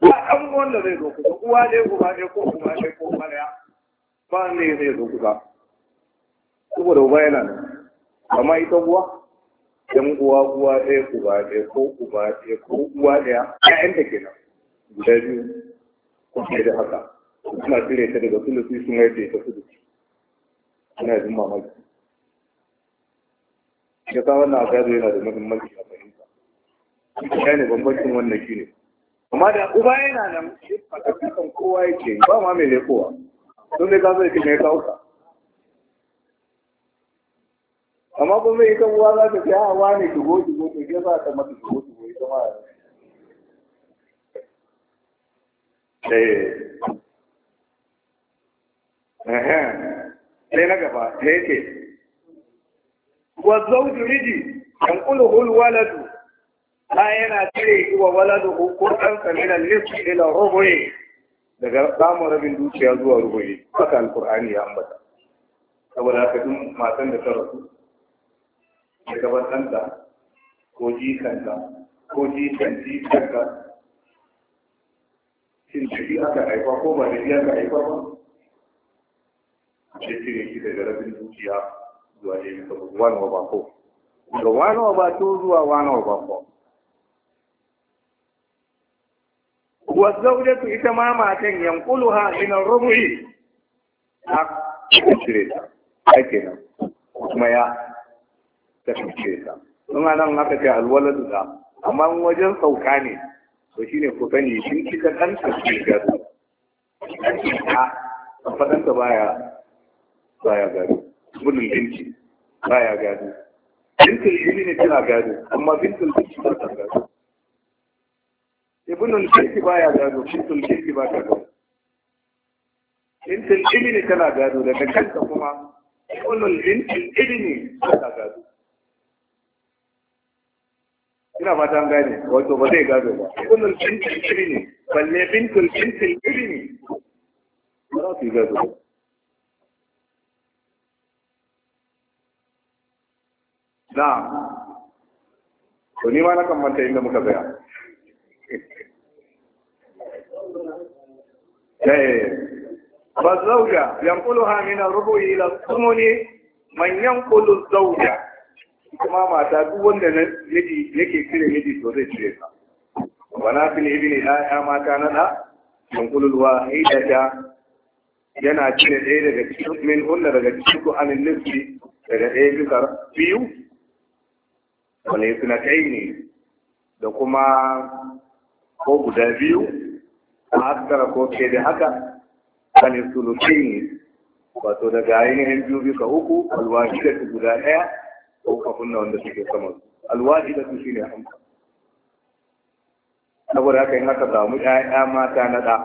ba ɗan wanda zai zo kusa uwa ɗaya uba ɗaya ko ɗaya ko ɗaya ba ne zai zo kusa saboda uba yana nan amma ita uwa yan uwa uwa ɗaya uba ɗaya ko ɗaya ko uwa ɗaya ƴaƴan da kenan guda biyu ko fiye da haka suna cire ta daga sulusi sun yadda ita sulusi suna jin mamaki ya sa wannan abu yana da muhimmanci a fahimta. Ita ne bambancin wannan shi ne. amma da uba yana nan a ƙarƙashin kowa yake ba ma mai lekowa don dai kasa yake mai kauka amma kuma ita uwa za ta fiya ah, hawa ne shigo shigo to ke za ta mata shigo shigo ita ma eh. sai na gaba ta ke. wa zauju riji yanqulu hul waladu ba yana cire wa waladu ko ɗansa min al-nisfi ila rubu'i daga samun rabin dukiya zuwa rubu'i haka alqur'ani ya ambata saboda haka duk matan da ta rasu da gaban ɗanta ko jikanta ko jikan jikanta shin da shi aka haifa ko ba da shi aka haifa ba ce cire shi daga rabin dukiya zuwa ne ga wani wa ba ko daga wani wa ba to zuwa wani wa ba ko wa zaujatu ita ma matan yanquluha min ar-rubu'i a cire ta ake nan kuma ya ta cire ta don nan aka ce alwaladu da amma wajen sauka ne to shine ku sani shin kika dan tafi gado dan ta fadan ta baya baya gado gudun dinki baya gado bintul ne tana gado amma bintul dinki ba ta gado ibnul kirki baya gado bintul kirki ba ta gado bintul ibni tana gado daga kanta kuma ibnul bintul ibni tana gado ina fatan gane wato ba zai gado ba ibnul bintul ibni balle bintul bintul ibni ba za su yi gado na to ni ma na kan manta inda muka gaya? *laughs* Bazzauja, eh, yankulu ha mina rubu ila tsumuni man yankulu zauja, kuma mata duk wanda yake cire miji to zai cire ka. Wana fi ne ibi ne ya mata na da, yankulu yana cire ɗaya daga cikin min hunna daga cikin ku anin nufi daga ɗaya biyu, wani suna kai ne da kuma ko guda biyu, a askara ko ke da haka kanin ne wato daga ainihin biyu bisa uku da su guda ɗaya ko kafin na wanda suke alwashi da su ne hamsa saboda haka in haka samu ƴaƴa mata na ɗa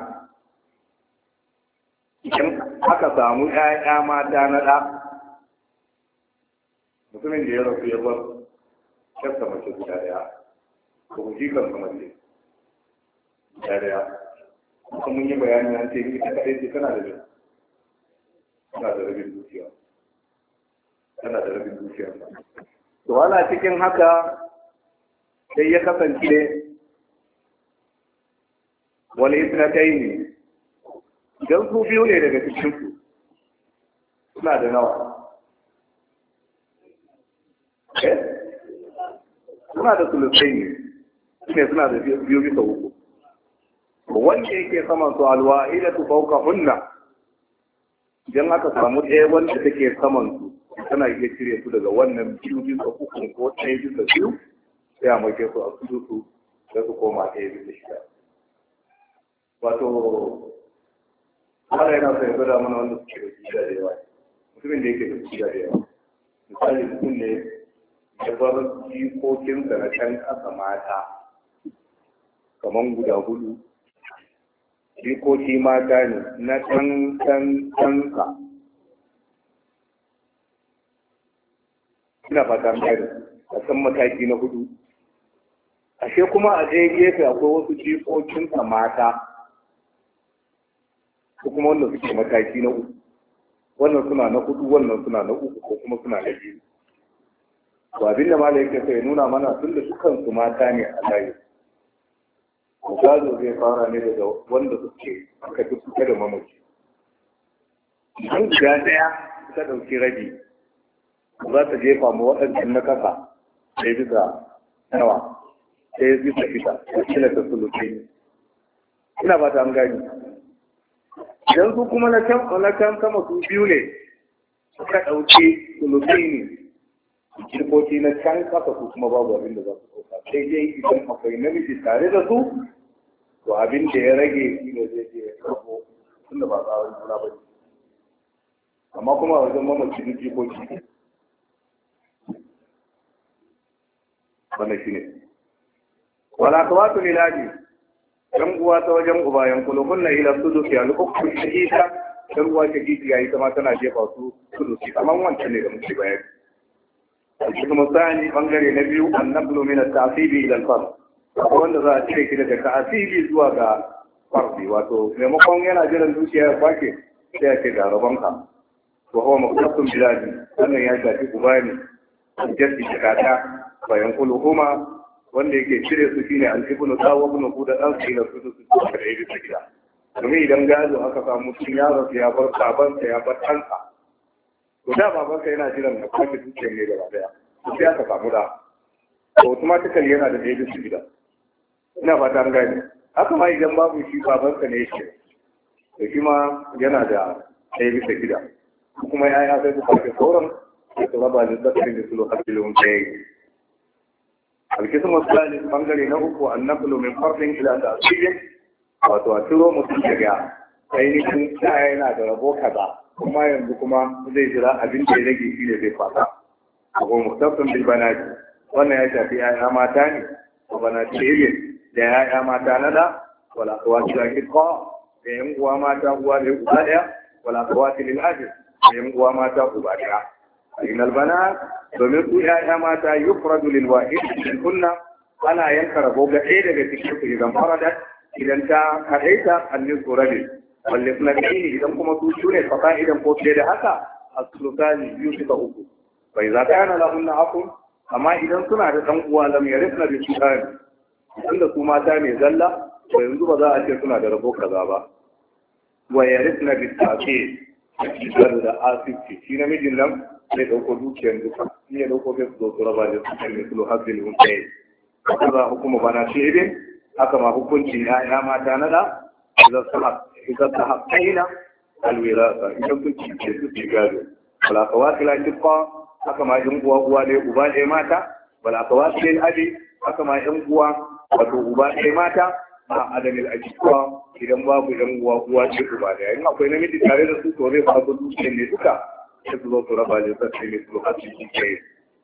idan haka samu ƴaƴa mata na ɗa mutumin da ya rasu ya bar kyasta mace guda ɗaya ko jikan mace guda ɗaya kuma mun yi bayani an ce ita kaɗai ce tana da bin tana da rabin dukiya tana da rabin dukiya to ana cikin haka sai ya kasance wani ta yi ne idan su biyu ne daga cikinsu suna da nawa eh? suna da sulusai ne suna da biyu bisa uku wanda yake saman su alwa'ilatu fauka hunna idan aka samu ɗaya wanda take saman su tana iya cire su daga wannan biyu bisa uku ko ɗaya bisa biyu sai a mace su a su su da su koma ɗaya bisa shida wato ana yana sai gwada mana wanda suke da shida da yawa mutumin da yake da shida da yawa misali mutum ne ya bar jikokinsa na can ƙasa mata kamar guda hudu jikoki mata ne na ɗan ɗan ina fata mai a san mataki na hudu ashe kuma a ɗaya gefe akwai wasu jikokinsa mata su kuma wannan suke mataki na uku wannan suna na hudu wannan suna na uku ko kuma suna na biyu to abinda da malai yake sai nuna mana tun da su kansu mata ne a layi gado zai fara ne daga wanda suke aka fi kuka da mamaci idan guda ɗaya ta ɗauki rabi za ta jefa mu waɗancan na kasa sai bisa nawa ya bisa da kila ta suluke ina ba ta an gani idan su kuma na can na can sama su biyu ne suka ɗauki suluke ne kirkoki na can kasa su kuma babu abin da za su ɗauka sai dai idan akwai namiji tare da su to abin da ya rage shi ne zai je ya karbo da ba tsawon juna ba amma kuma wajen mamaci duk jikoki wannan shi ne wala kawatu lilaji yan uwa ta wajen uba yan kulukun na ila su duki al'ukku shahida yan uwa ta ya yi kama tana jefa su su duki kamar wancan ne da muke bayani. Shi kuma sani bangare na biyu annablu min at-ta'sibi ila al-farq wanda za a cire shi daga ta'asiri zuwa ga farfi wato maimakon yana jiran zuciya ya kwace sai a ce ga rabonka wa huwa maqsatun biladi wannan ya shafi ku bayani a jirgin shikata bayan kuluhuma wanda yake cire su shine ci bunu tawa bunu huda dan sai ila su su su da ibi su gida domin idan gado aka samu sun ya rasu ya bar babansa ya bar ɗansa to da babansa yana jiran da kwace zuciya ne gaba daya sai aka samu da automatically yana da ibi su gida ina fatan an haka ma idan babu shi babansa ne yake to shi ma yana da ɗaya bisa gida kuma ya yi sai suka fi sauran da su raba da zakarin da su lokar filin ta yi alkisun wasu bangare na uku an na min farfin ila da asiri wato a turo mutum daga ainihin ta yana da rabo kaza kuma yanzu kuma zai jira abin da ya rage shi ne zai fasa abu bana bilbanaji wannan ya shafi ya mata ne a banaji da ya'ya mata na da wala kawati da kitqa da yan uwa mata uwa da uba daya wala kawati lil ajr da yan uwa mata uba daya in albana domin ku ya'ya mata yufradu lil wahid min kunna ana yanka rabo ga ɗaya daga cikin ku idan faradat idan ta kadaita annin tsorabi walle suna ɗini idan kuma su su ne fata idan ko fiye da haka a sulukani biyu suka uku bai za ta yana lahunna na amma idan suna da ɗan uwa lam ya rifna da cutar tunda su mata ne zalla ba yanzu ba za a ce suna da rabo kaza ba wa yarithna bi ta'qib da da asibci shi namijin nan zai dauko dukiyar duka in ya dauko bai zo tsura ba da su kan mislu hazil hunkai kaza hukuma bana shebe haka ma hukunci ya mata na da idan sa idan sa hakkaina alwirasa idan sun ci su ci gado wala kawakila kibba haka ma yan uwa uwa ne uba ne mata wala kawakila abi haka ma yan uwa wato uba sai mata ba adamin ajiyuwa idan babu yan uwa uwa ce uba da yayin akwai namiji tare da su to zai su dutse ne duka sai su zo su raba ne sai ne su cikin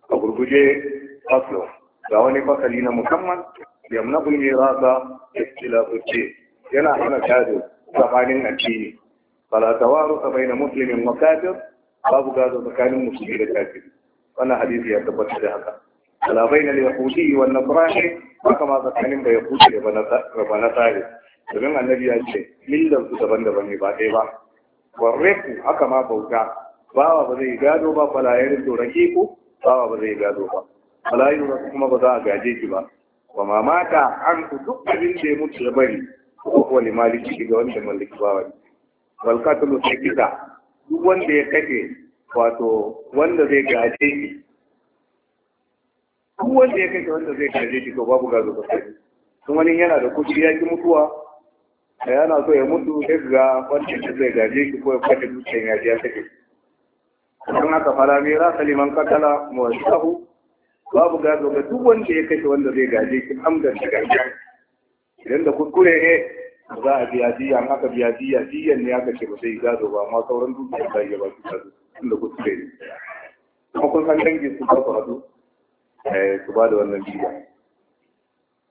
a gurguje faslo ga wani fasali na musamman yamna bulmi rasa ikhtilafu ce yana hana gado tsakanin addini fala tawaru baina muslimin wa babu gado tsakanin musulmi da kafiri wannan hadisi ya tabbatar da haka ala bainal yahudi wal nasrani haka ma tsakanin da yahudi da ba nasari domin annabi ya ce millar su daban-daban ne ba ɗaya ba ku haka ma bauta bawa ba zai gado ba falayarin to ku, bawa ba zai gado ba falayarin wasu kuma ba za a gaje ki ba ba ma mata an ku duk abin da ya mutu ya bari ko kuwa limaliki ga wanda mallaki bawa ne balkatulu sai kisa duk wanda ya kashe wato wanda zai gaje ki. duk wanda ya kai ta wanda zai gaje shi to babu gado ba sai kuma wani yana da kuɗi ya ki mutuwa da yana so ya mutu sai ga wanda ya zai gaje shi ko ya kwace dukiyar ya ji ya kashe kuma haka fara mai ra saliman kakala mawasahu babu gado ga duk wanda ya kashe wanda zai gaje shi amdan da gaje idan da kuskure ne za a biya diya an aka biya diya diyan ne aka ce ba sai gado ba amma sauran dukiyar da ya ba su gado da kuskure ne kuma kun san dangin su ba su hadu Eh, su ba da wannan jiya?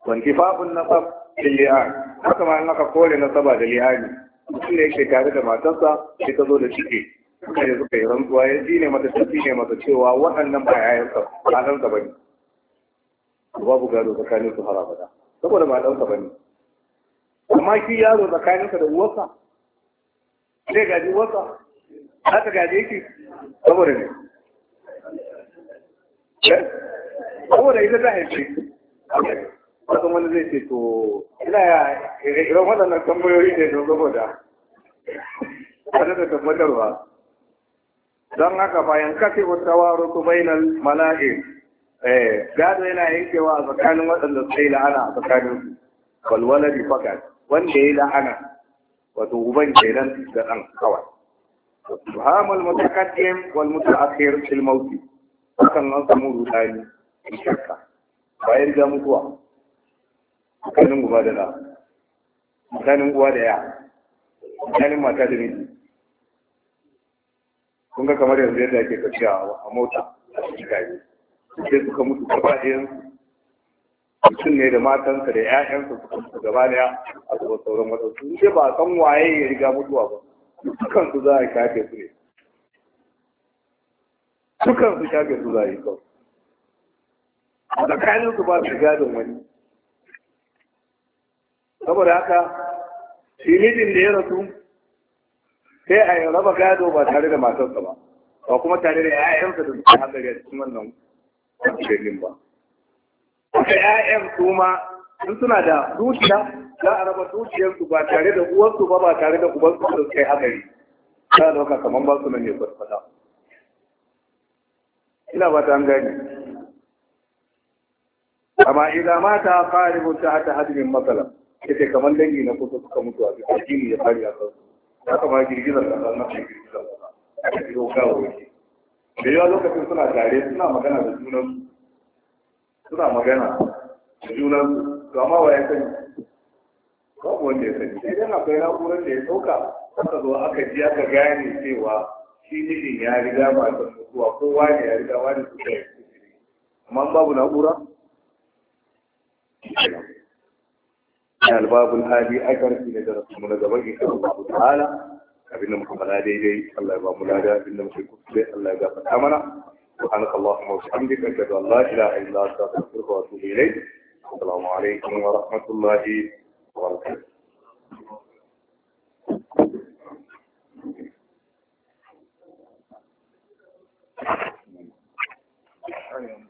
wanti fafin nasab da li'an haka ma in aka kore nasaba da ne. mutum ne yake tare da matarsa sai ta zo da ciki suka yi suka yi rantsuwa ya ji ne mata tafi ne mata cewa waɗannan ba yayansa ba ɗan ba ne babu gado tsakanin su fara abada saboda ba ɗan ba ne amma shi yaro tsakaninsa da uwarsa zai gaji uwarsa za ta gaje ki, saboda ne saboda ita ta haife wasu wani zai ce to ina ya ire-iren waɗannan tambayoyi ne don saboda wani da tabbatar ba haka bayan kafe wata waro ku bainal mala'in eh, gado yana yankewa a tsakanin waɗanda suka yi la'ana a tsakanin su walwala bi fakat wanda ya yi la'ana wato uban kenan da ɗan kawai subhanal mutakaddim wal mutaakhir fil mawt hakan an samu rudani shakka ba ya riga mutuwa tsakanin guba da na tsakanin uwa da ya tsakanin mata da miji kun ga kamar yanzu yadda ake tafiya a mota a cikin gari sai suka mutu gaba ɗayan mutum ne da matansa da 'ya'yansa suka mutu gaba ɗaya a zuwa sauran waɗansu in ce ba a san waye ya riga mutuwa ba dukansu za a kafe su ne dukansu kafe su za a yi kawai tsakanin su ba su gadon wani saboda haka shi mijin da ya rasu sai a raba gado ba tare da matarsa ba ba kuma tare da 'ya'yansa da suka haɗa da cikin wannan shirin ba haka 'ya'yan su ma in suna da zuciya, za a raba zuciyarsu, ba tare da uwarsu ba ba tare da ubansu da suka yi haɗari za a ɗauka kamar ba su nan ne farfada ina ba ta an gani. kama idan mata qaribun ta ta hadin matsala, yake kamar dangi na kusa suka mutu a cikin jini ya fari a kansu haka ma girgizar da zan cikin girgizar kasa aka ci roka wa yake da yawa lokacin suna tare suna magana da junan suna magana da junan to amma wa ya sani babu wanda ya sani sai dai akwai na'urar da ya sauka. aka zo aka ji aka gane cewa shi mijin ya riga ba ta mutuwa kowa ne ya riga wani suka yi amma babu na'ura kenan na albabul hadi akar shi ne da rasulmu na gaba in kan Allah ta'ala abinda muka faɗa daidai Allah ya ba mu lada abinda muka kuskure Allah ya gafarta mana سبحانك اللهم وبحمدك اشهد ان لا اله الا انت استغفرك واتوب اليك السلام عليكم ورحمه الله وبركاته Thank you.